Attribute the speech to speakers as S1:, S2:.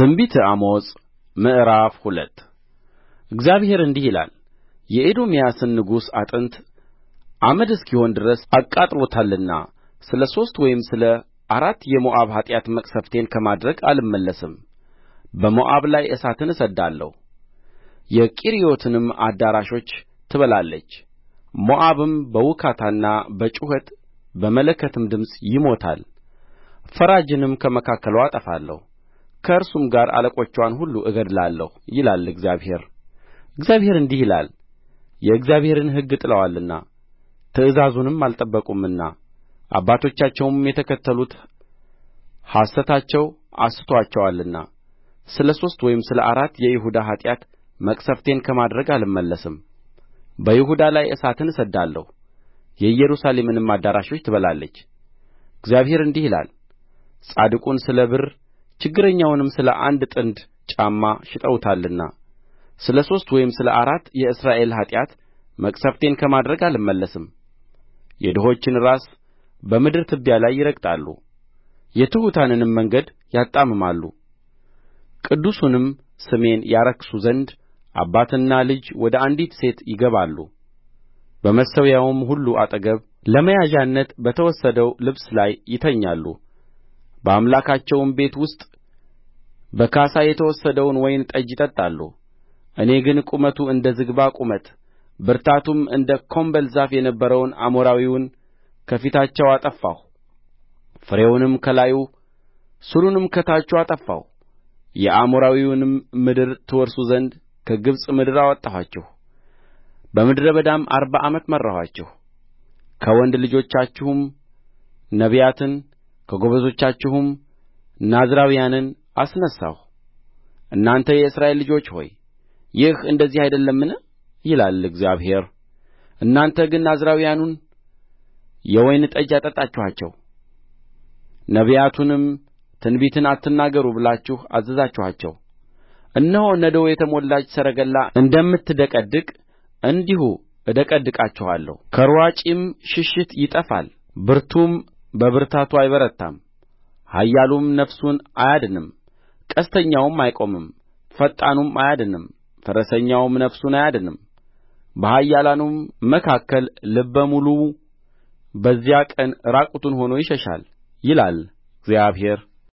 S1: ትንቢተ አሞጽ ምዕራፍ ሁለት እግዚአብሔር እንዲህ ይላል የኤዶምያስን ንጉሥ አጥንት አመድ እስኪሆን ድረስ አቃጥሎታልና ስለ ሦስት ወይም ስለ አራት የሞዓብ ኃጢአት መቅሠፍቴን ከማድረግ አልመለስም። በሞዓብ ላይ እሳትን እሰድዳለሁ፣ የቂርዮትንም አዳራሾች ትበላለች። ሞዓብም በውካታና በጩኸት በመለከትም ድምፅ ይሞታል፣ ፈራጅንም ከመካከልዋ አጠፋለሁ። ከእርሱም ጋር አለቆችዋን ሁሉ እገድላለሁ ይላል እግዚአብሔር እግዚአብሔር እንዲህ ይላል የእግዚአብሔርን ሕግ ጥለዋልና ትእዛዙንም አልጠበቁምና አባቶቻቸውም የተከተሉት ሐሰታቸው አስቶአቸዋልና ስለ ሦስት ወይም ስለ አራት የይሁዳ ኃጢአት መቅሠፍቴን ከማድረግ አልመለስም በይሁዳ ላይ እሳትን እሰድዳለሁ የኢየሩሳሌምንም አዳራሾች ትበላለች እግዚአብሔር እንዲህ ይላል ጻድቁን ስለ ብር ችግረኛውንም ስለ አንድ ጥንድ ጫማ ሽጠውታልና ስለ ሦስት ወይም ስለ አራት የእስራኤል ኃጢአት መቅሠፍቴን ከማድረግ አልመለስም የድሆችን ራስ በምድር ትቢያ ላይ ይረግጣሉ የትሑታንንም መንገድ ያጣምማሉ ቅዱሱንም ስሜን ያረክሱ ዘንድ አባትና ልጅ ወደ አንዲት ሴት ይገባሉ በመሠዊያውም ሁሉ አጠገብ ለመያዣነት በተወሰደው ልብስ ላይ ይተኛሉ በአምላካቸውም ቤት ውስጥ በካሣ የተወሰደውን ወይን ጠጅ ይጠጣሉ እኔ ግን ቁመቱ እንደ ዝግባ ቁመት ብርታቱም እንደ ኮምበል ዛፍ የነበረውን አሞራዊውን ከፊታቸው አጠፋሁ ፍሬውንም ከላዩ ሥሩንም ከታቹ አጠፋሁ የአሞራዊውንም ምድር ትወርሱ ዘንድ ከግብጽ ምድር አወጣኋችሁ በምድረ በዳም አርባ ዓመት መራኋችሁ ከወንድ ልጆቻችሁም ነቢያትን ከጎበዞቻችሁም ናዝራውያንን አስነሣሁ እናንተ የእስራኤል ልጆች ሆይ ይህ እንደዚህ አይደለምን ይላል እግዚአብሔር እናንተ ግን ናዝራውያኑን የወይን ጠጅ አጠጣችኋቸው ነቢያቱንም ትንቢትን አትናገሩ ብላችሁ አዘዛችኋቸው እነሆ ነዶ የተሞላች ሰረገላ እንደምትደቀድቅ እንዲሁ እደቀድቃችኋለሁ ከርዋጪም ሽሽት ይጠፋል ብርቱም በብርታቱ አይበረታም ኃያሉም ነፍሱን አያድንም ቀስተኛውም አይቆምም ፈጣኑም አያድንም ፈረሰኛውም ነፍሱን አያድንም በኃያላኑም መካከል ልበ ሙሉው በዚያ ቀን ዕራቁቱን ሆኖ ይሸሻል ይላል እግዚአብሔር